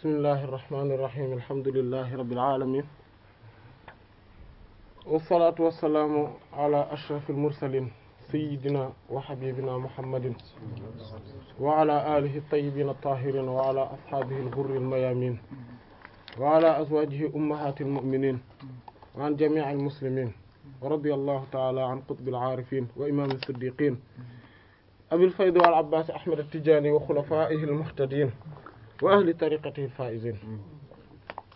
bismillahi irrahmani irrahim alhamdulilahi rabilalamin wassalaatu wassalaamu ala ashraf almursalin sayidina wa habibina muhammadin wa ala alihi tayibina tahirin wa ala ashabihi alburri almayamin wa ala azwajihi ummahati almuminin wa an jamii almuslimin radi allahu taala an qutbi alaarifin wa imam siddiqin abilfaydi wal abbas ahmad attijaani wa xulafaihi almuhtadin wa ahli tariqatihi faizin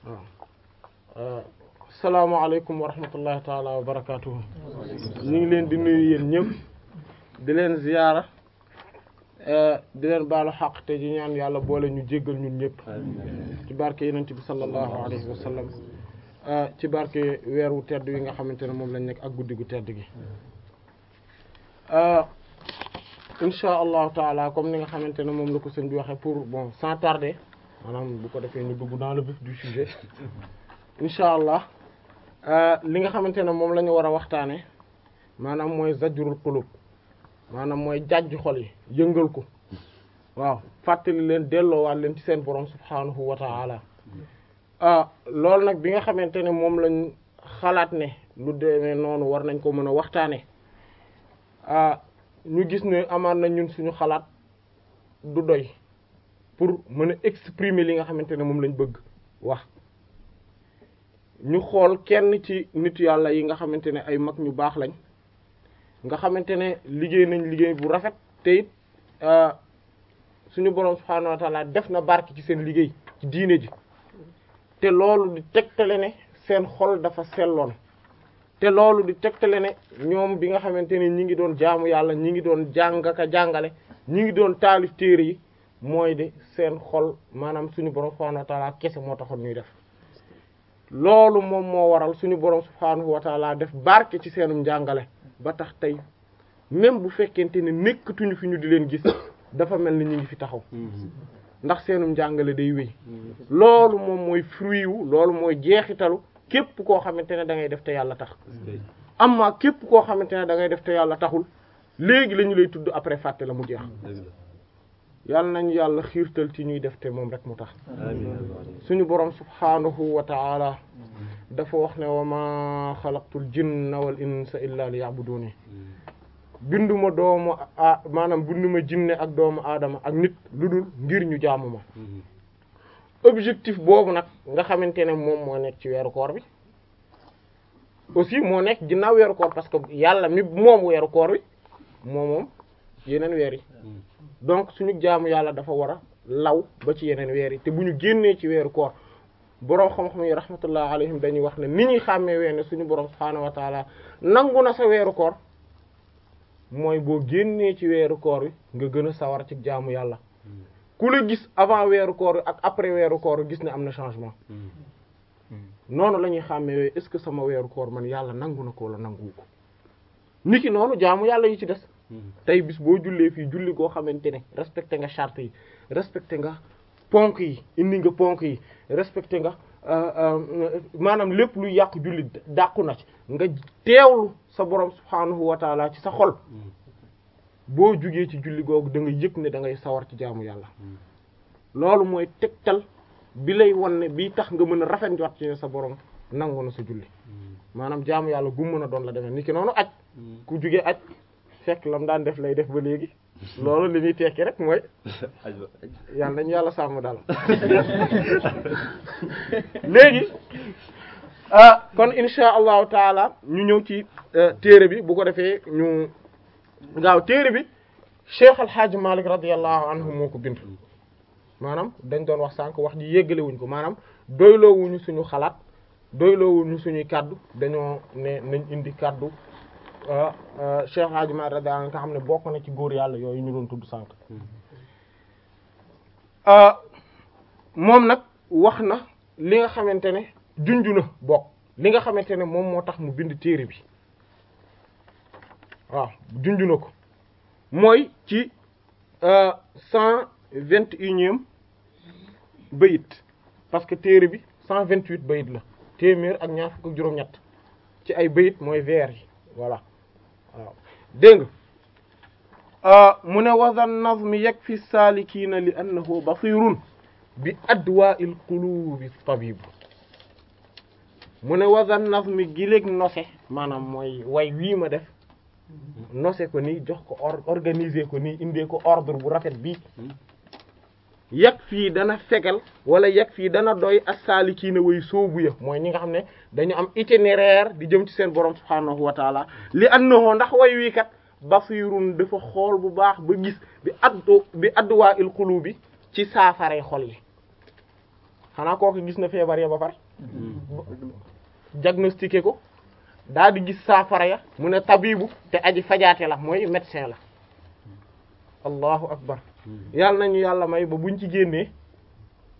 waaw uh, salaamaaleykum wa rahmatullahi taala wa barakatuhu ñu ngi leen di nuyu yéen di leen ziyaara uh, di leen baalu xaq te ji yàlla boole ñu jéggal ñun ñëpp ci barke yonent bi sallallahu alayhi wa uh, ci barke weer wu tedd wi nga xamante ne moom lañ nekk ak guddi gu tedd gi incha allahu taala comme ni nga xamante ne moom la ko sëñ bi waxee pour bon sans tarder maanaam bu ko defee nu dugg naa la vif du sujet incha allah euh, li nga xamante ne moom la ñu war a waxtaane maanaam mooy zajrul qulub maanaam mooy jàjj xol yi yëngal ko waaw fàttali leen delloowaat leen ci seen borom subhaanahu wa taala ah loolu nag bi nga xamante ne moom lañ xalaat ne lu demee noonu war nañ ko mën a waxtaane euh, ñu gis ne amaan na ñun suñu xalaat du doy pour mën a exprimer li nga xamante ne moom lañu bëgg wax ñu xool kenn ci nit yàlla yi nga xamante ne ay mag ñu baax lañ nga xamante ne liggéey nañ liggéey bu rafet te it euh, suñu boroom subhaanahu wa def na barke ci seen liggéey ci diine ji te loolu di tegtale ne seen xol dafa selloon te loolu di tegtale ne ñoom bi nga xamante ni ñu ngi doon jaamu yàlla ñu ngi doon jàng jàngale ñu ngi doon taalif téere yi mooy de seen xol maanaam suñu borom subhaanahu wa taala kese moo taxoon ñuy def loolu moom moo waral suñu borom subhaanahu wa taala def barke ci seenum njàngale ba tax tey même bu fekkente ne nekkatuñu fi ñu di leen gis dafa mel ni ñu ngi fi taxaw mm-hmm. ndax seenum njàngale day wéy mm-hmm. loolu moom mooy fruit wu loolu mooy jeexitalu képp koo xamante ne da ngay def te yàlla tax mm-hmm. amma képp koo xamante ne da ngay def te yàlla taxul léegi la ñu lay tudd après fàtte la mu jeex mm-hmm. yàlla nañ yàlla xiirtal ci ñuy def te moom rek mu tax suñu borom subhaanahu wa ta'ala dafa wax ne wa ma xalaqtul jinna wal insa illa liya'buduni mm-hmm. binduma doomu a maanaam binduma jinne ak doomu aadama ak nit lu dul ngir ñu jaamu ma objectif boobu nag nga xamante ne moom moo nekk ci weeru koor bi aussi moo nekk ginnaaw weeru koor parce que yàlla mi moom weeru koor bi moom moom yeneen weer yi mm. donc suñu jaamu yàlla dafa war a law ba ci yeneen weer yi te bu ñu génnee ci weeru koor boroom xam-xam yi rahmatullah alayhim dañuy wax ne ni ñuy xàmmee weene suñu boroom subhaanahu wa taala nangu na sa weeru koor mooy boo génnee ci weeru koor wi nga gën a sawar ci jaamu yàlla mm. ku la gis avant weeru koor ak après weeru koor gis ne am na changement mm. Mm. noonu la ñuy xàmmee est-ce que sama weeru koor man yàlla nangu na ko wala nangu ko ni ki noonu jaamu yàlla yi ci des mm. tey bis boo jullee fii julli goo xamante ne respecté nga charte yi respecté nga ponk yi indi nga ponk yi respecté nga euh, euh, maanaam lépp lu yàq julli dàqu na ci nga teewlu sa borom subhaanahu wa taala ci sa xol boo jugee ci julli googu da nga yëg ne da ngay sawar ci jaamu yàlla loolu mooy tegtal bi lay wan ne bii tax nga mën a rafet njort ci sa borom nangu na sa julli maanaam jaamu yàlla gum mën a doon la demee ni ki noonu aj mm. ku jugee aj fekk lam daan def lay def ba léegi loolu li muy tekki rek mooy yàlla nañu yàlla sàmm daal léegi ah kon insha allahu taala ñu ñëw ci eh, téere bi bu ko defee ñu waaw téere bi Cheikh Al Hadj Malick radiyallahu anhu moo ko bind maanaam dañ doon wax sànq wax ji yéggale ko maanaam doyloowuñu suñu xalaat doyloowuñu suñuy kàddu dañoo ne nañ indi kàddu euh, euh, Cheikh Al Hadj Malick anhu nga xam ne bokk na ci góor yàlla yooyu ñu doon tudd sànq euh, moom nag wax na li nga xamante ne junju na bokk li nga xamante ne moom moo tax mu bind téere bi waaw junju ko mooy ci euh, cent vingt unième bayit parce que téere bi cent vingt huit bayit la téeméer ak ñaar fukk juróom-ñett ci ay bayit mooy vers yi voilà waaw dégg nga euh, mu ne wazan nazmi yakfi salikina na annahu basirun bi adwa'il qulubi tabib mu ne wazan nazmi giléeg nose maanaam mooy way wii ma def nose ko ni jox ko or ko nii indee ko ordre bu rafet bi yàq fii dana fegal wala yàq fii dana doy assaali kii na way soobu ya mooy ñi nga xam ne dañu am itinéraire di jëm ci seen borom subhaanahu wa taala li annahu ndax way wii kat basirun dafa xool bu baax ba gis bi addu bi adduwaa il qulubi ci saafaree xol yi xanaa kooku gis na feebar ya ba pare mm-hmm. diagnostiqué ko daa gis saafara ya mu ne tabibu te aji fajaate la mooy médecin la allahu akbar hmm. yàlla nañu yàlla may ba buñ ci génnee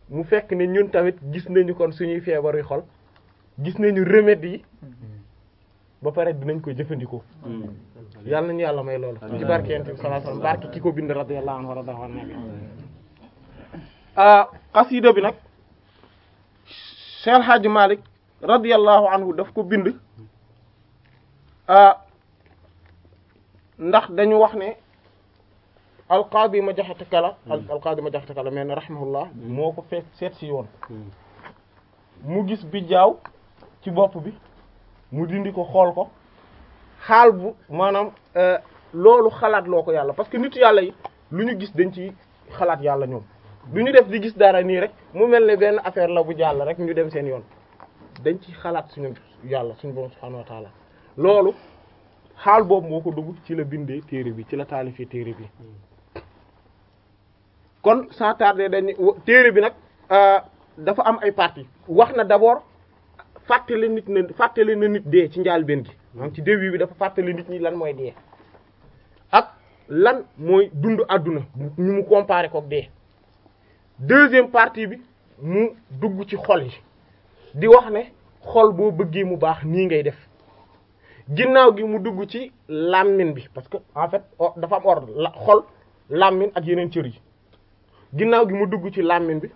mu fekk ne ñun tamit gis na nañu kon suñuy feebar yu xol gis na remède yi ba pare dinañ koy jëfandikoo hmm. yàlla nañu yàlla may loolu ci barke yonent bi sallallahu alayhi wasallam barke ki ko bind radiyallahu anhu warada an nabi hmm. ah, xasida bi nag Cheikh Hadji Malick radiyallahu anhu daf ko bind ndax dañu wax ne alqaadi ma jaxate kala hmm. alqaadi ma jaxate kala mais rahimahullah moo ko fekk seet si yoon hmm. mu gis bi jaaw ci bopp bi mu dindi ko xool ko xaal bu maanaam e, loolu xalaat loo ko yàlla parce que nit yàlla yi lu ñu gis dañ ci xalaat yàlla ñoom lu ñu def di gis dara nii rek mu mel ne benn affaire la bu jàll rek ñu dem seen yoon dañ ci xalaat suñu yàlla suñu borom subhanahu wa ta'ala loolu xaal boobu moo ko dugg ci la bindee téere bi ci la taalifee téere bi kon sans tarder dañu téere bi nag euh, dafa am ay parties wax na d'abord fàttali nit na fàttale na nit dee ci njaalbeen gi maanaam ci début bi dafa fàttali nit ñi lan mooy dee ak lan mooy dund àdduna ñu mu comparé kook dee deuxième partie bi mu dugg ci xol yi di wax ne xol boo bëggee mu baax nii ngay def ginnaaw gi mu dugg ci làmmiñ bi parce que en fait dafa am ordre la xol làmmiñ ak yeneen cër yi ginnaaw gi mu dugg ci làmmiñ bi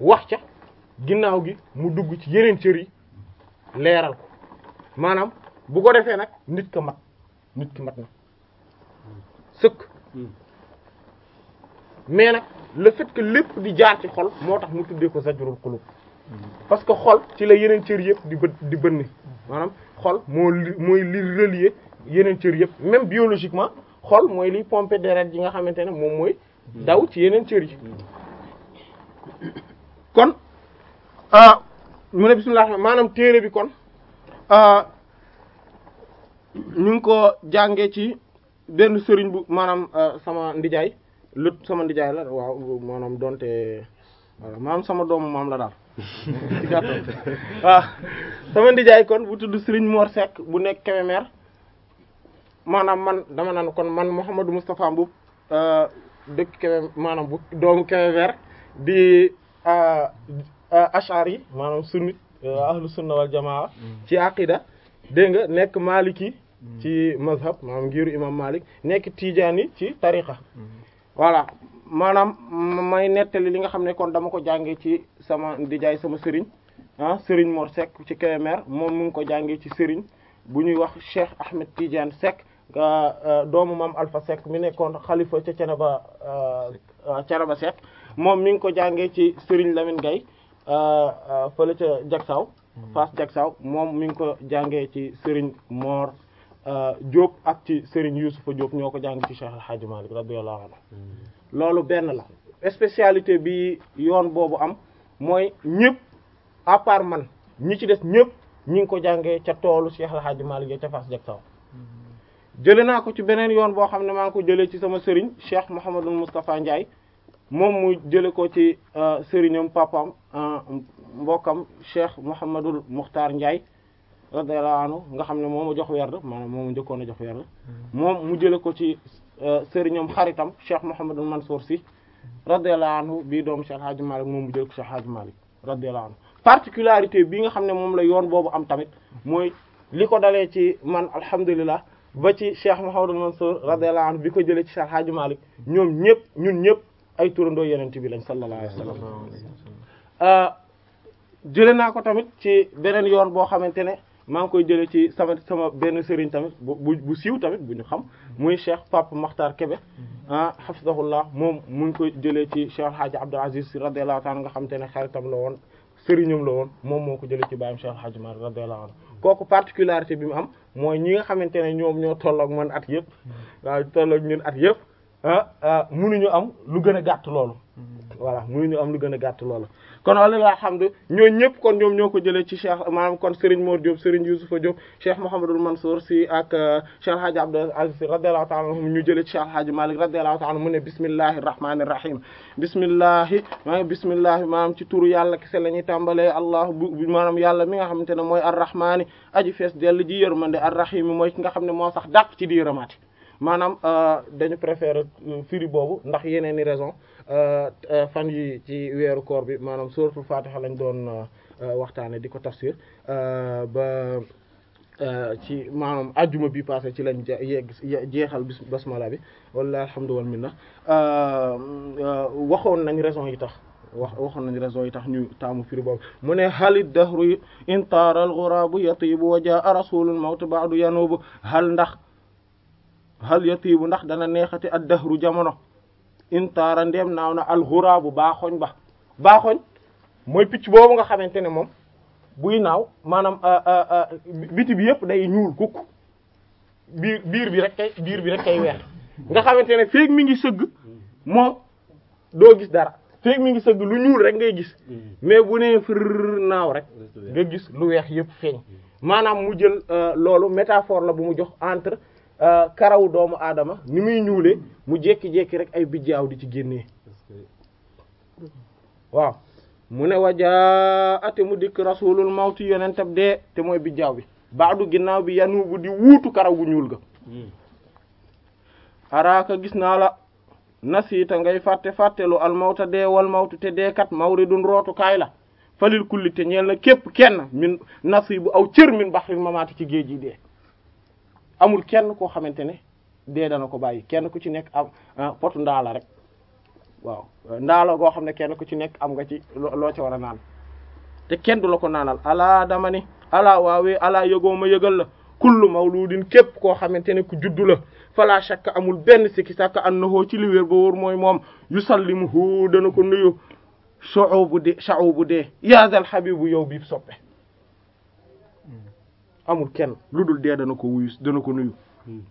wax ca ginnaaw gi mu dugg ci yeneen cër yi leeral ko maanaam bu ko defee nag nit ka mat nit ki mat na sëkk hmm. mais nag le fait que lépp di jaar ci xol moo tax mu tuddee ko zajrul qulub parce que xol ci la yeneen cër yëpp di bë di bënn maanaam xol moo mooy li relier yeneen cër yëpp même biologiquement xol mooy liy pomper deret yi nga xamante ne moom mooy daw ci yeneen cër yi kon mu ah, ne bismillah maanaam téere bi kon ah, ñu ngi ko jànge ci benn sëriñ bu maanaam ah, sama ndijaay lët sama ndijaay la waaw maanaam donte voilà maanaam sama doomu maam la daal ci gàttal ndijaay kon bu tudd Serigne Mor Seck bu nekk Kébémer maanaam man dama naan kon man Mouhamadou Moustapha Mboup euh, dëkk Kébémer maanaam bu doomu Kébémer di euh, euh, ashari maanaam sunnit ahlu sunna wal ci aqida dégg nga nekk maliki ci mazhab maanaam ngiru imam malik nekk tijaani ci tariqa mm-hmm. voilà maanaam may nettali li nga xam ne kon dama ko jàngee ci sama di jaay sama sëriñ ah sëriñ Mor Seck ci Kébémer moom mu ngi ko jàngee ci sëriñ bu ñuy wax Cheikh Ahmed Tidiane Seck euh, doomu maam Alpha Seck mi nekkoon xalifa ca Ceneba Ceneba euh, euh, Seck moom mi ngi ko jàngee ci Serigne Lamine Gaye fële ca Jaksaw mm-hmm. Fass Jaksaw moom mi ngi ko jàngee ci sëriñ Mor Diop ak ci Serigne a Diop ñoo ko jàngee ci Cheikh El Hadj Malick radiyallahu loolu benn la spécialité bi yoon boobu am mooy ñëpp à part man ñi ci des ñëpp ñi ngi ko jàngee ca toolu Cheikh El Hadj Malick ca Fass Jaksaaw mm-hmm. jële naa ko ci beneen yoon boo xam ne maa ngi ko jëlee ci sama sëriñ Cheikh Mouhamadou Moustapha Ndiaye moom mu jële ko ci euh, sëriñam papam euh, mbokkam Cheikh Mouhamadul Mukhtar Ndiaye radiyallahu anhu nga xam ne moom a jox werd maanaam njëkkoon a jox werd mm-hmm. moom mu jële ko ci Euh, sëriñam xaritam Cheikh Mouhamadul Mansour Sy radiyallahu anhu bii doomu Cheikh Hadji Malick moom mu jël ko Cheikh Hadji Malick radiyallahu anhu particularité bi nga xam ne moom la yoon boobu am tamit mooy li ko dalee ci man alhamdulilah ba ci Cheikh Mouhamadul Mansour radiyallahu anhu bi ko jëlee ci Cheikh Hadji Malick ñoom ñëpp ñun ñëpp ay turandoo yenente bi lañ sallallahu alayhi wasallam euh, jële naa ko tamit ci beneen yoon boo xamante ne maa ngi koy jëlee ci sama sama benn sëriñ tamit bu bu siiw tamit bu ñu xam mm-hmm. muy cheikh Pape Makhtar kebe mm-hmm. ah hafizahullah moom mu ngi koy jëlee ci cheikh Hadji Abdou Aziz radiyallahu ta'ala nga xam te ne xaritam la woon sëriñam la woon moom moo ko jëlee ci baayam cheikh Hadji Mar radiyallahu anhu mm-hmm. kooku particularité bi mu am mooy ñi nga xamante ne ñoom ñoo tolloog man at yëpp waaw tolloog ñun at yëpp ah, ah ñu am lu gën a gàtt loolu voilà ñu am lu gën a gàtt loolu kon walilah hamdu ñoo ñëpp kon ñoom ñoo ko jëlee ci cheikh maanaam kon Serigne Mor Diop Serigne Youssoufa Diop cheikh Mouhamadul Mansour si ak euh, cheikh alhaaji Abdou Aziz radiyallahu ta'ala anhu ñu jëlee ci cheikh alhaaji Malik radiyallahu ta'ala mu ne bismillahir rahmanir rahim bismillahi maanaam bismillahi maanaam ci turu yàlla kese la ñuy tàmbalee allah bu maanaam yàlla mi nga xamante ne mooy arrahmaani aji fees dell ji yërmande arrahim mooy ki nga xam ne moo sax dàq ci di yërëmaati maanaam euh, dañu préférer euh, firi boobu ndax yeneen i raison euh, fan yi ci weeru koor bi maanaam suratul fatiha lañu doon waxtaane di ko tafsir ba ci maanaam ajuma bi passé ci lañ yegg jeexal bis basmala bi wala alhamdu wal minna waxoon nañ raison yi tax wax waxoon nañ raison yi tax ñu taamu firi boobu mu ne hal dahru in taara al ghurabu yatibu wa jaa rasulul mawt ba'du yanubu hal ndax hal yatiibu ndax dana neexati ad dahru jamono intaara ndeem naaw na alxuraabu baaxoñ ba baaxoñ mooy picc boobu nga xamante ne moom buy naaw maanaam euh, euh, euh, biti bi yëpp day ñuul kukk biir biir bi rek kay biir bi rek kay weex nga xamante ne feeg mi ngi sëgg moom doo gis dara feeg mi ngi sëgg lu ñuul rek ngay gis mais bu nee fër naaw rek nga gis lu weex yëpp feeñ maanaam mu jël loolu métaphore la bu mu jox entre Euh, karawu doomu aadama ni muy ñuule mu jékki-jékki rek ay bijjaaw di ci génnee waaw mu ne wajaa ate mu dikk rasulul mawti yonentab dee te mooy bijjaaw bi baadu ginnaaw bi yanu bu di wuutu karaw gu ñuul ga hmm. araaka gis naa la nasiita ngay fàtte fàttelu almawta dee wal mawtu te dee kat du rootu kaay la falil kulli te ñeel na képp kenn min nasi bu aw cër min baxri mamaati ci géej gi dee amul kenn koo xamante ne dee dana ko bàyyi kenn ku ci nekk am ah, potu ndaala rek waaw ndaala goo xam ne kenn ku ci nekk am nga ci loo ci war a naan te kenn du la ko naanal alaa dama ni alaa waawee alaa yëgoo ma yëgal la kullu mawludin képp koo xamante ne ku juddu la fala shakka amul benn sikki an annahu ci li wér ba wóor mooy moom yusallimuhu dana ko nuyu sha'ubu de sha'ubu de ya zal habibu yow biib soppe amul kenn lu dul dee dana ko wuyu dana ko nuyu hmm.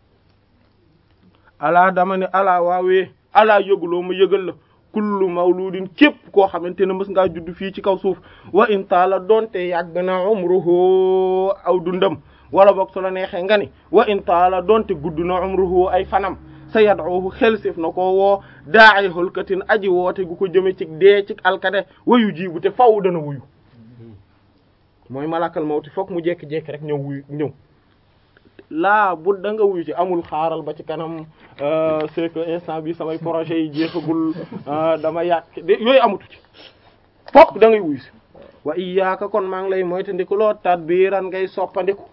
alaa dama ne alaa waawee alaa yëguloo ma yëgal la kullu mawludin képp koo xamante ne mës ngaa juddu fii ci kaw suuf wa in taala donte yàgg na umruhu aw dundam wala boog su la neexee nga ni wa in taala donte gudd na umruhu ay fanam sa yad'uhu xelsif na ko woo daa'i hulkatin aji woote gu ko jëme ci dee ci alkade wayu jiibu te faw dana wuyu mooy malakal mawti fokk mu jékki-jékki rek ñëw wuy ñëw laa bu danga nga wuyu ci amul xaaral ba ci kanam euh, c'est que instant bi samay projet yi jeexagul euh, dama yàq yooyu amatu ci fokk da ngay wuyu si wa iyaaka kon maa ngi lay moytandiku loo tadbiran ngay soppandiku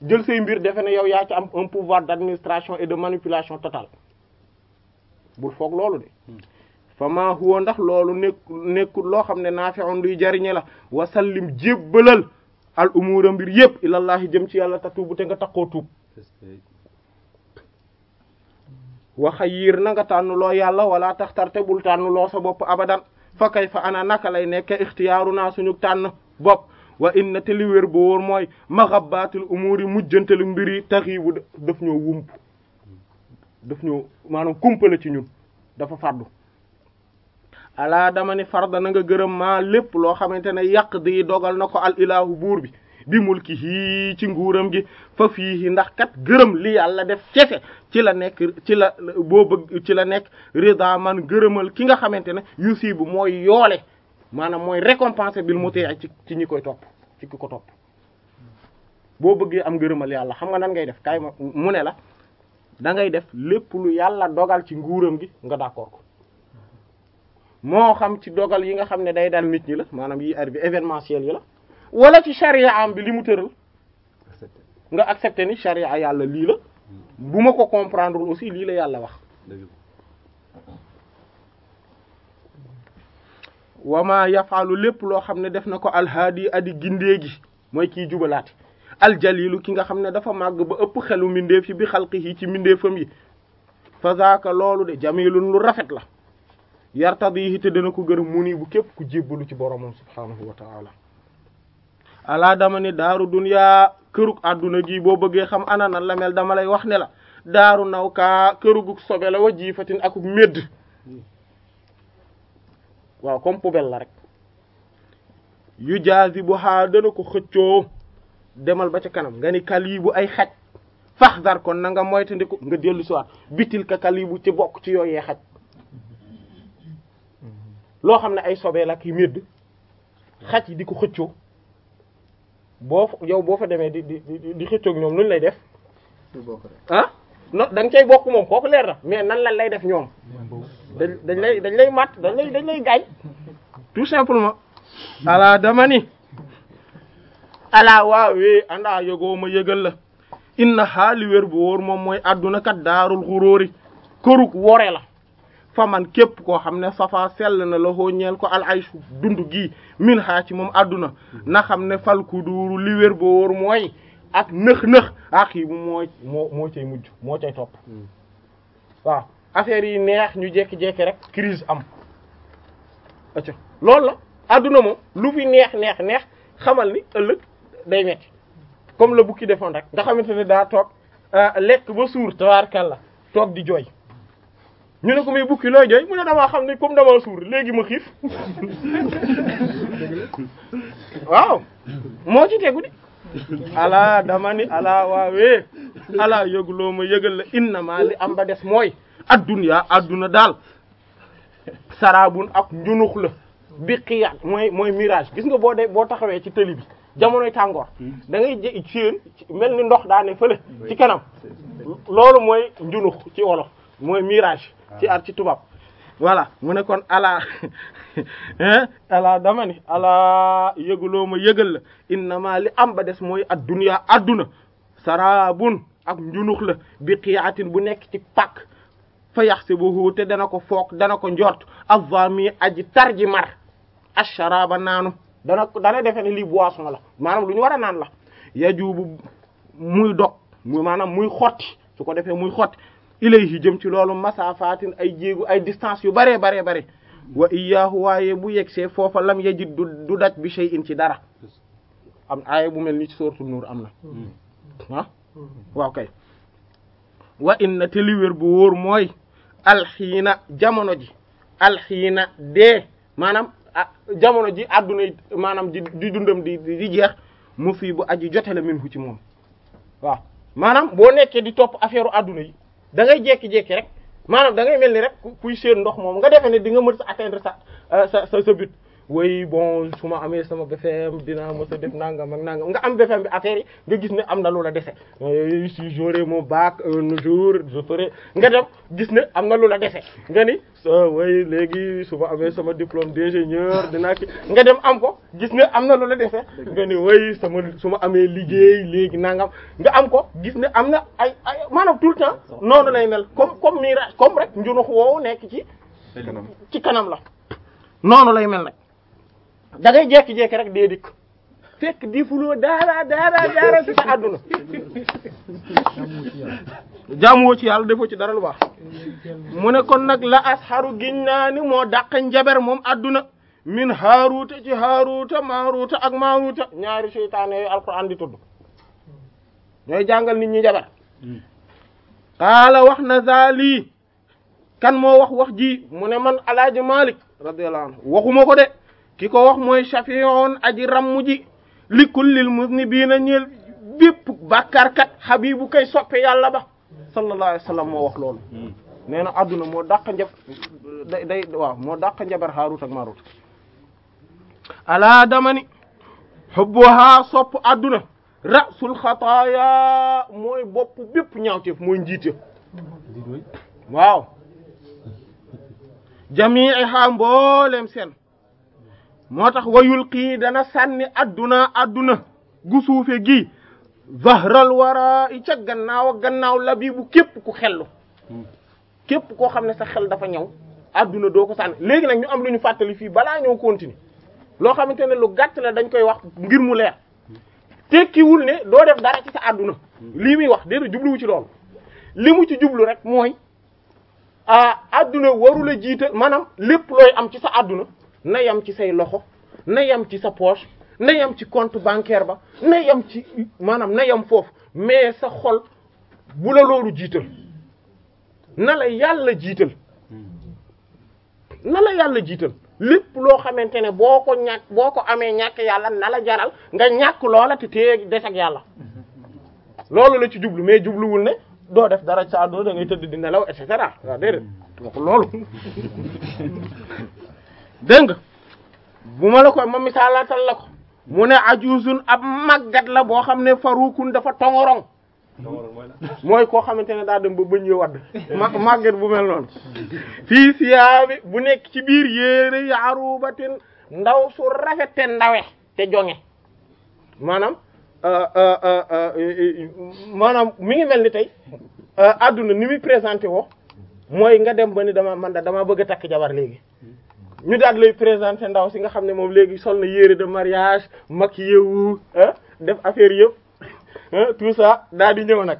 jël say mbir defe na yow yaa ci am un pouvoir d'administration et de manipulation totale bul foog loolu de hmm. fa maa huwa ndax loolu nekku loo xam ne naafi'un luy jariñe la wasallim jébbalal al umuura mbir yépp ilallahi jëm ci yàlla tatuubu te nga takkoo tuub waxa yiir na nga tànn loo yàlla wala taxtarte bul tànn loo sa bopp abadan fa kay fa ana naka lay nekke ixtiyaaru naa suñu tànn bopp wa inna te li wér bu wóor mooy maxabaatul umuur yi mujjantelu mbir yi taxiibu daf ñoo wump daf ñoo maanaam kumpale ci ñun dafa fàddu alaa dama ni farda na nga gërëm maa lépp loo xamante ne yàq di dogal na ko al ilahu buur bi bi mulki hii ci nguuram gi fa fii ndax kat gërëm li yàlla def kese ci la nekk ci la boo bëgg ci la nekk rida man gërëmal ki nga xamante ne yusibu mooy yoole maanaam mooy récompenser bil muti ci ci ñi koy topp ci ki ko topp boo bëggee am gërëmal yàlla xam nga nan ngay def kay mu ne la da ngay def lépp lu yàlla dogal ci nguuram gi nga d'accord ko moo xam ci dogal yi nga xam ne day dal nit ñi la maanaam yi arrivé événementiel yi la wala ci charia am bi li mu tëral nga accepté ni charia yàlla lii la bu ma ko comprendre aussi lii la yàlla wax wama yafalu lépp loo xam ne def na ko alhaadi adi gindee gi mooy kiy jubalaate aljalilu ki nga xam ne dafa màgg ba ëpp xelu mbindeef yi bi xalqi yi ci mbindeefam yi fa loolu de jamilun lu rafet la yartadihi te dana ko gërëm mu ni bu képp ku jébbalu ci boromam subhaanahu wa ta'ala alaa dama ni daaru duniyaa kërug àdduna gi boo bëggee xam ana nan la mel dama lay wax ne la daaru nawkaa kërugug sobe la wa jiifatin akub médd waaw comme poubelle la rek yu jaasi bu xaa dana ko xëccoo demal ba ca kanam nga ni kal yi bu ay xaj dar kon na nga moytandiku nga dellu siwaat bitil ka kal yi bu ci bokk ci yooyee xaj loo xam ne ay sobee la ki médd xaj yi di ko xëccoo boo yow boo fa demee di di ñoom luñ lay def ah non da nga cay bokk moom kooku leer na mais nan lañ lay def ñoom dañ dañ lay mat dañ lay dañ lay gaañ tout simplement ala dama ni ala waawee andaa yogoo ma yëgal la inna xaali wér bu moom mooy adduna kat daarul xuróori kërug wore la fa man képp koo xam ne safa sell na la hoo ñeel ko al aychu dund gi min haa ci moom àdduna na xam ne fal kuduuru li wér boo mooy ak nëx-nëx ak ah yi bu moo moo moo cay topp hmm. waaw affaire yi neex ñu jekki-jekki rek crise am acca loolu la àdduna moom lu fi neex neex neex xamal ni ëllëg day metti comme la bukki defoon rek nga xamante ne daa toog euh, lekk ba suur la toog di jooy ñu ne ko muy bukki la jooy mu ne damaa xam ne comme damaa suur léegi ma xiif waaw moo ci tegu di alaa dama ni alaa waawee alaa yëguloo ma yëgal la innama li am ba des mooy adduna adduna daal sarabun ak njunux la bi xiyaat mooy mooy mirage gis nga boo boo taxawee ci tëli bi jamonoy tàngoor da ngay jé mel ni ndox daane fële ci kanam loolu mooy njunux ci wolof mooy mirage ci ar ci tubaab voilà mu ne kon alaa alaa dama ni alaa yëgaloo ma yëgal la innama li am ba des mooy adduniyaa adduna sarabun ak njunux la bi qiyatin bu nekk ci pak fa yaxsibuhu te dana ko foog dana ko njort avami aji tar ji mar asharaba naanu dana dana defe ne lii boisson la maanaam lu ñu war a naan la yajubu muy dog maanaam muy xotti su ko defee muy xotti ilayhi jëm ci loolu masafaatin ay jéegu ay distance yu baree baree bare wa iyaahu waaye bu yegsee foofa lam yajid du daj bi shay'in ci dara am bu mel ni ci sourate Nuur am na hmm. ah waaw wa inna te li bu wóor mooy alxiina jamono ji alxiina dee maanaam jamono ji àdduna maanaam di dundam di di jeex mu fii bu aji jote la min hu ci moom waaw maanaam boo nekkee di topp affaire u àdduna yi da ngay jékki-jékki rek maanaam da mel ni rek ku séen ndox moom nga defee ne di nga mën sa atteindre sa euh, sa sa but way bon su ma amee sama BFM dinaa mos a def nangam ak nangam nga am BFM bi affaire nga gis ne am na lu la dese euh, si j'aurai mon bac un jour je nga dem gis ne am na lu la dese nga ni way léegi su ma amee sama diplôme d'ingénieur dinaa ki nga dem am ko gis ne am na lu la dese nga ni way sama su ma amee liggéey léegi nangam nga am ko gis ne am na ay ay maanaam tout le temps noonu lay mel comme comme mirage comme rek njunux woowu nekk ci ci kanam la noonu lay mel da ngay jékki-jékki rek dee dikk fekk defuloo daara daara daara ci sa àdduna jaamoo ci yàlla defoo ci dara lu baax mu kon nag la asxaru giñ naa ni moo dàq njaber moom àdduna min haaruuta ci haaruuta maaruuta ak maaruuta ñaari seytaane yooyu alquran di ñooy jàngal nit ñi njaber wax na zali kan moo wax wax ji mu ne man alaaji malik radiyallahu anhu ko de ki ko wax mooy shafi'un aji rammu ji li kullil muznibiina ñeel bépp bàkkaarkat habibu kay soppe yàlla ba sallallahu alayhi wa moo wax loolu hmm. nee na adduna moo dàq njab day day waaw moo dàq njabar Haarut ak Maarut alaa damani hubbuha sopp adduna rasul xataaya mooy bopp bépp ñaawteef mooy njiite waaw jamiiha mboolem seen moo tax wayul xii dana sànni àdduna àdduna gu suufe gi zahral wara i ca gannaaw ak gannaaw labi bu képp ku xellu képp koo xam ne sa xel dafa ñëw àdduna doo ko sànni léegi nag ñu am lu ñu fàttali fii balaa ñoo continuer loo xamante ne lu gàtt la dañ koy wax ngir mu leer tekkiwul ne doo def dara ci sa àdduna lii muy wax déedéet jubluwu ci loolu li mu ci jublu rek mooy ah adduna warula jiital maanaam lépp looy am ci sa adduna na yam ci say loxo na yam ci sa poos na yam ci compte bancaire ba na yam ci maanaam na yam foofu mais sa xol bu la loolu jiital na la yàlla jiital na la yàlla jiital lépp loo xamante ne boo ko ñàkk boo ko amee ñàkk yàlla na la jaral nga ñàkk loola te tee des ak yàlla loolu la ci jublu mais jubluwul ne doo def dara saa doo da ngay tëdd di nelaw et cetera loolu dégg nga bu ma la ko ma misaalaatal la ko mu ne ajuzun ab màggat la boo xam ne farukun dafa tongorong mooy koo xamante ne daa dem ba bëñ yo wadd màggat bu mel noon fii siyaabi bu nekk ci biir yéere yaarubatin ndaw su rafet te ndawe te jonge maanaam euh, euh, euh, maanaam mi ngi mel ni tey adduna ni muy présenté woo mooy nga dem ba ni dama man da dama bëgg a takk jabar léegi ñu daal lay présenter ndaw si nga xam ne moom léegi sol na yére de mariage maquillé wu def affaire yëpp tout ça daal di ñëw nag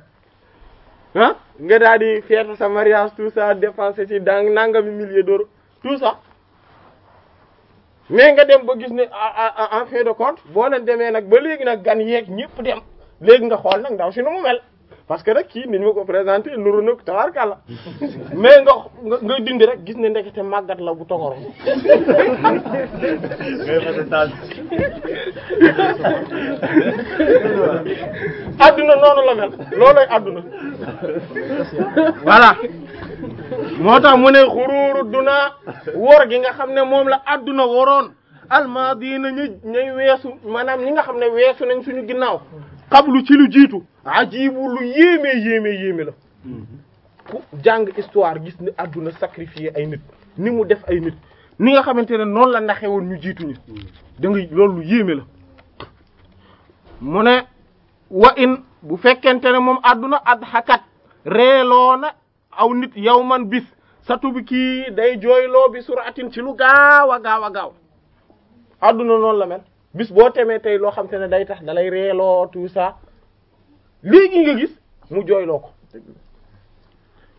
ah nga daal di feete sa mariage tout ça dépensé ci dang nangami milliers d'euros tout ça mais nga dem ba gis ne ah, ah, ah, en fin de compte boo leen demee nag ba léegi nag gan yeeg ñëpp dem léegi nga xool nag ndaw si nu mu parce que nag kii ni ñu ma ko présenté nuru nag tabarkàlla nga nga rek gis ne ndekete màggat la bu togoro adduna noonu la mel loolooy adduna voilà moo tax mu ne duna wor gi nga xam ne moom la adduna woroon almaadi na ñu ñay weesu maanaam ñi nga xam ne weesu nañ suñu ginnaaw xablu ci lu jiitu a ajibu lu yéemee yéemee yéeme la ku jàng histoire gis ni àdduna sacrifier ay nit ni mu def ay nit ni nga xamante ne noonu la naxe woon ñu jiitu ñu da nga loolu lu yéeme la mu ne wa in bu fekkente ne moom àdduna ad xakat reeloona aw nit yow man bis satubi ki day jooyloo bi suratin ci lu gaaw a gaaw a gaaw àdduna noonu la mel bis boo temee tey loo xam te ne day tax dalay reeloo tout ça léegi nga gis mu jooyloo ko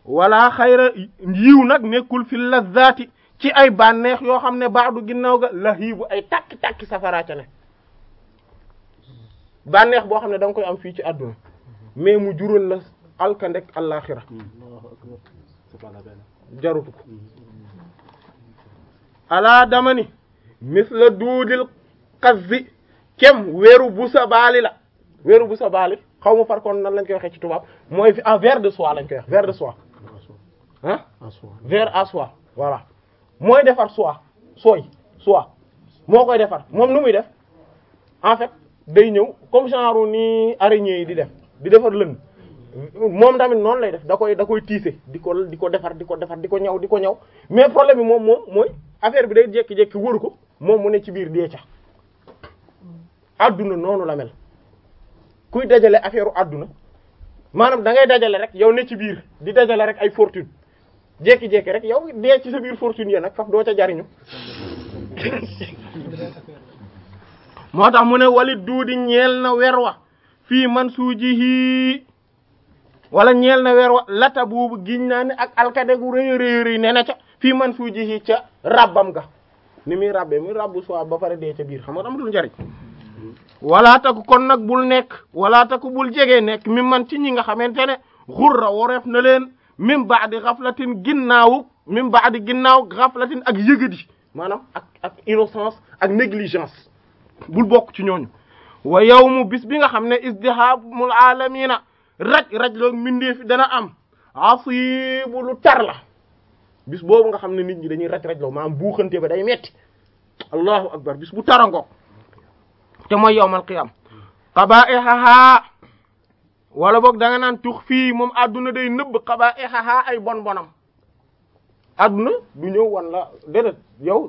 wala xayra yiw nag nekkul fi lazzaati ci ay bànneex yoo xam ne baax du ginnaaw ga la hiibu ay takki-takki safaraa ca bànneex boo xam ne da nga koy am fii ci àdduna mais mu jural la alkandek àllaaxira jarutu ko mm-hmm. alaa dama ni mis la duudil qazzi kem weeru bu sa baali la weeru bu sa baali xaw ma farkoon nan lañ koy waxee ci tubaab mooy fi en ah, verre de soie lañ koy wax verre de soie ah à soie voilà mooy defar soie sooy soie moo koy defar moom nu def en fait day ñëw comme genre ni araignée yi di def di defar lën moom tamit noonu lay def da koy da koy tiise di ko di ko defar di ko defar di ko ñaw di ko ñaw mais problème bi moom moom mooy affaire bi day jékki-jékki wër ko moom mu ne ci biir di ca adduna noonu la mel kuy dajale affaire u adduna maanaam dangay dajale rek yow ne ci biir di dajale rek ay fortune jékki-jékki rek yow dee ci sa biir fortune ya nag faf doo ca jariñu moo tax mu ne walit duudi ñeel na wer wa fii man suujihi walla ñeel na weer wa lata buubu giñ naa ne ak alkade gu rëy rëy rëy ne na ca fii man suujihi ca rabbam ga ni muy rabbe muy rabbu soi ba pare dee ca biir xam nga amatul jariñ wala taku kon nag bul nekk wala taku bul jege nekk mi man ci ñi nga xamante ne xurra wareef na leen min baadi xaflatin ginnaawu min baadi ginnaaw xaflatin ak yëgadi maanaam ak ak innocence ak négligence bul bokk ci ñooñu wa yawmu bis bi nga xam ne izdihaabul aalamiina raj raj la mbindee fi dana am asiibu lu tar la bis boobu nga xam ne nit ñi dañuy raj raj la maanaam buuxante ba day metti allahu akbar bis bu tarangook te mooy yowmal qiyam qabaa'ihaha wala boog da nga naan tux fii moom adduna day nëbb qabaa'ihaha ay bon bonam adduna du ñëw wan la déedéet yow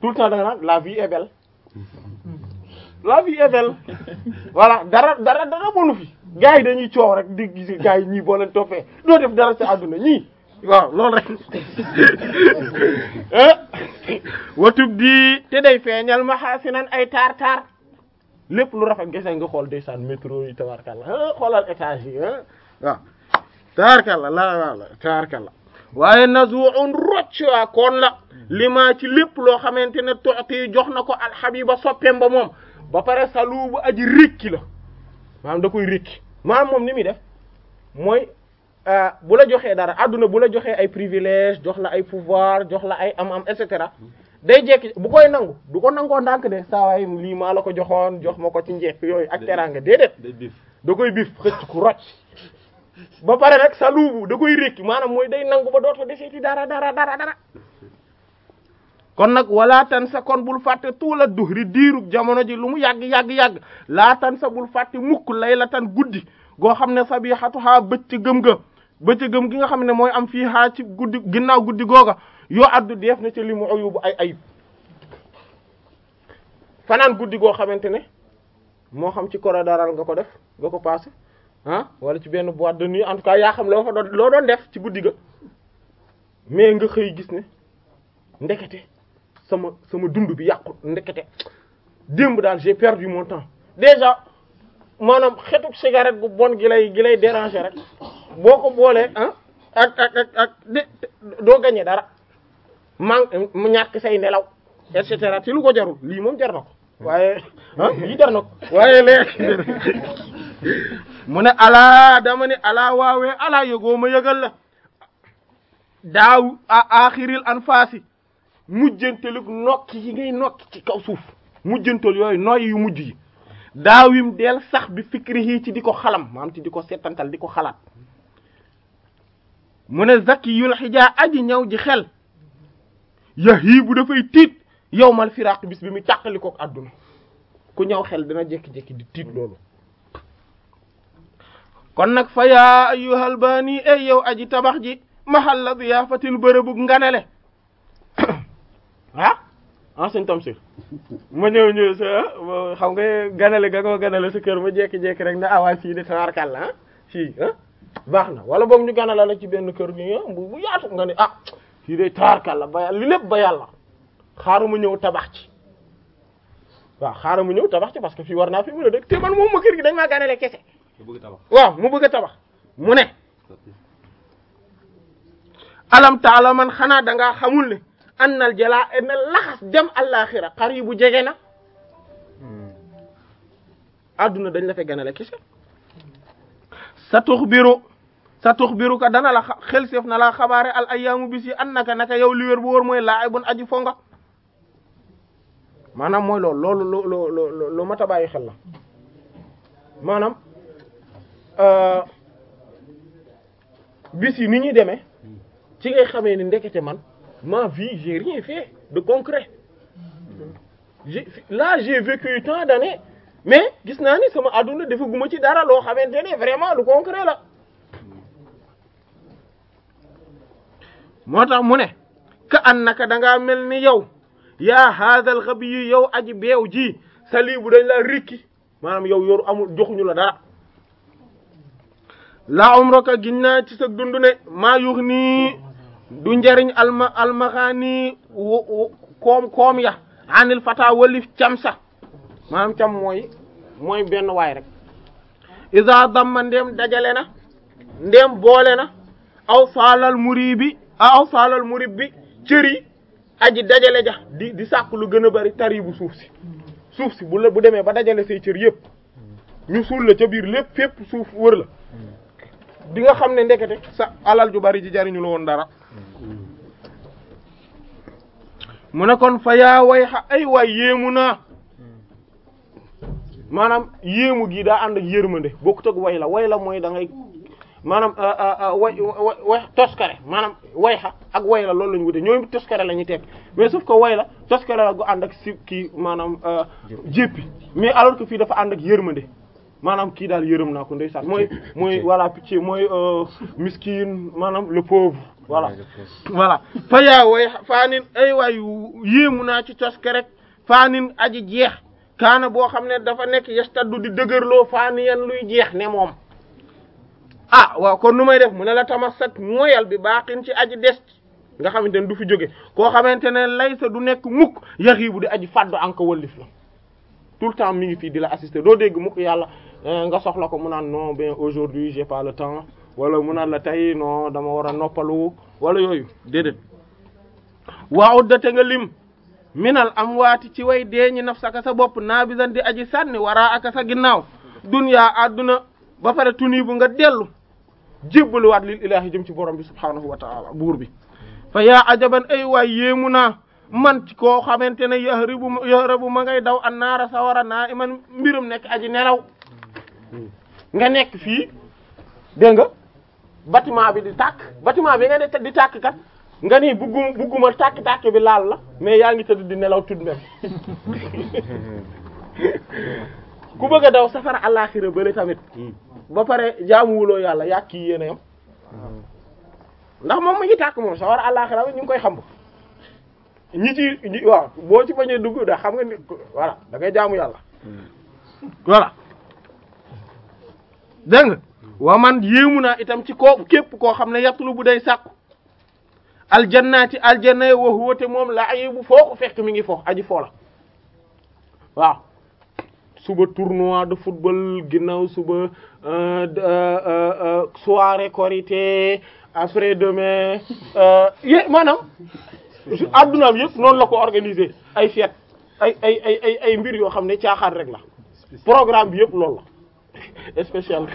tout le da nga naan la vie est hmm. la vie est belle dara dara bonu fi gars yi dañuy coow rek di gis gars yi ñii boo leen doo def dara ci adduna ñii waaw loolu rek eh, watub di te day feeñal mahasinan ay taar taar lépp lu rafet gese nga xool desaan métro yi tabarkalla ah, xoolal étage yi ah. waaw tabarkalla la waaw la tabarkalla waaye nazu'un roccwaa koon la hmm. limaa ci lépp loo xamante ne tooti jox na ko alxabiba soppeem ba moom ba pare salu bu aji rékki la maanaam da koy rékki maanaam moom ni muy def mooy euh, bu la joxee dara adduna bu la joxee ay privilège jox la ay pouvoir jox la ay am am et cetera hmm. day jekki bu koy nangu du ko nangoo ndànk de saa waay lii maa la ko joxoon jox ma ko ci njekk yooyu ak teraanga déedéet da koy bif xëcc ku rocc ba pare rek sa luubu da koy rékki maanaam mooy day nangu ba doot fa deseeti dara dara dara dara kon nag wala tan sa kon bul fàtte tuula duhri diiru jamono ji lu mu yàgg-yàgg-yàgg laa tan sa bul fàtte mukk lay la tan guddi goo xam ne sabixatuhaa bëccëgëm ga bëccëgëm gi nga xam ne mooy am fi haa ci guddi ginnaaw guddi googa yoo addu def na ci li mu ayubu ay ayib fanaan guddi goo xamante ne moo xam ci korodaral nga ko def nga ko passé ah wala ci benn boîte de nuit en tout cas yaa xam loo fa doon loo doon def ci guddi ga mais nga xëy gis ne ndekete sama sama dund bi yàqu ndekete démb daal j'ai perdu mon temps déjà maanaam xetuk cigarette gu bon gi lay gi lay déranger rek boo ko boolee ah doo gagner dara man mu say nelaw et cetera ci lu ko jarul lii moom jar na ko waaye ah lii waaye léegi mu ne alaa dama ne alaa waawee alaa yëgoo ma yëgal la daaw a axiril anfaasi mujjantalug nokki yi ngay nokki ci kaw suuf mujjantal yooyu nooy yu mujj yi daawim del sax bi fikri yi ci di ko xalam maam ci di ko settantal di ko xalaat mu ne zakki yul xijaa aji ñëw ji xel yahibu dafay tiit yawmal firaq bis bi muy tàqali kook àdduna ku ñaw xel dina jékki-jékki di tiit loolu kon nag fa yaa ayyuhal ni ay yow aji tabax ji la mahalla diyaafatil bërëbug nganale ah ah sëñ Tamsir ma ñëw ñëw sa ah, xam nga ganale gaa ko ganale sa kër ma jékki-jékki rek ne awaa ah, sii de tabarkàlla ah sii ah baax na wala boog ñu ganale la ci benn kër gi ah, bu yaatu nga ne ah fii day taarkàlla ba yàlla li lépp ba yàlla xaaru ma ñëw tabax ci waaw xaaru ma ñëw tabax ci parce que fii war naa fi mën a dëkk te man moom ma kër gi dañ maa ganale kese waaw mu bëgg a tabax mu ne alam taala man xanaa dangaa xamul ne annal jalaa na laxas dem àllaaxira qaribu jege na adduna hmm. dañ la fe ganale kese sa tuxbiru sa a dana la xel seef na laa xabaare al ayyaamu bis yi annaka naka yow li wér bu wóor mooy laa'ibun aji fo nga mooy loolu loolu loo lu lu lu mat a bàyyi xel la maanaam euh, bis yi ni ñuy demee ci ngay xamee ni ndekete man ma vie j'ai rien fait de concret j'ai là vécu tant d'années mais gis naa ni sama àdduna defaguma ci dara loo xamante ne vraiment lu concret la moo tax mu ne ka annaka dangaa mel ni yow yaa haadal xabiyu yow aji beew ji salibu dañ la rikki maanaam yow yoru amul joxuñu la dara laa umraka ginnaa ci sa dund ne maa yux nii du njariñ alma almaxaani koom koom ya anil fata walif cam sa maanaam cam mooy mooy benn waay rek isa damma ndem dajale na ndem boole na aw saalal muri bi awsaalal murib bi cëri aji dajale ja di di sàkk lu gën a bari tari bu suuf si suuf si bu bu demee ba dajale say cër yépp ñu suul la ca biir lépp fépp suuf wër la di nga xam ne ndekete sa alal ju bari ji jariñu la woon dara mu ne kon fa yaa way xa ay waay yéemu naa maanaam yéemu gi daa ànd ak yërmande bokkut ak way la way la mooy da maanaam euh, euh, euh, way way toskare maanaam xa ak way la loolu la ñu wute ñooy toskare la ñuy tekk mais sauf que way la toskare la gu ànd ak si kii maanaam jéppi mais alors que fii dafa ànd ak yërmande maanaam kii daal yërëm naa ko ndeysaan mooy mooy voilà pitié mooy miskin maanaam le pauvre voilà voilà fa yaa way faa nin ay waay yéemu naa ci toskare rek faa aji jeex kaana boo xam ne dafa nekk yastaddu di dëgërloo faa niyan luy jeex ne moom ah waaw kon nu may def mu ne la tamasak moyal bi baaxin ci aji des nga xamante ne du fi jóge koo xamante ne lay sa du nekk mukk yaxi bu di aji fàddu anka wëllif la tout le temps mi ngi fii di la assister doo dégg mukk yàlla eh, nga soxla ko mu naan non ben aujourd'hui j'ai pas le temps wala mu naan la tey non dama war a noppalu wala yooyu déedéet waaw date nga lim minal am waati ci way deeñi naf saka sa bopp naa bisan di aji sanni waraa aka sa ginnaaw dunya adduna ba pare tuni bu nga dellu jébbaluwaat lil ilaahi jëm ci borom bi subhaanahu wa ta'ala buur bi fa yaa ajaban ay waay yéemu naa man ci koo xamante ne yahribu yahribu ma ngay daw an naara sawara naa man mbirum nekk aji nelaw nga nekk fii dégg nga bâtiment bi di tàkk bâtiment bi nga ne di tàkk kat nga ni buggum bugguma tàkk-tàkk bi laal la mais yaa ngi tëdd di nelaw tout de ku bëgg a daw safara àllaaxira bëri tamit hmm. ba pare jaamuwuloo yàlla yàq kii yam hmm. ndax moom mu ngi tàkk moom safara àllaaxira ñu ngi koy xam ñi ci waaw boo ci bañ dugg da xam nga ni voilà da ngay jaamu hmm. waa man yéemu naa itam ci koo képp koo xam ne yatlu bu day sàkku aljannaati aljanna wa huwa te moom la ayibu foo ko fekk mi ngi foo aji foola waaw suba tournoi de football ginnaaw suba euh, euh, euh, soirée korité après demain yé maanaam addunaam yëpp noonu la ko organiser ay fête ay ay ay ay mbir yoo xam ne caaxaan rek la programme bi yëpp loolu la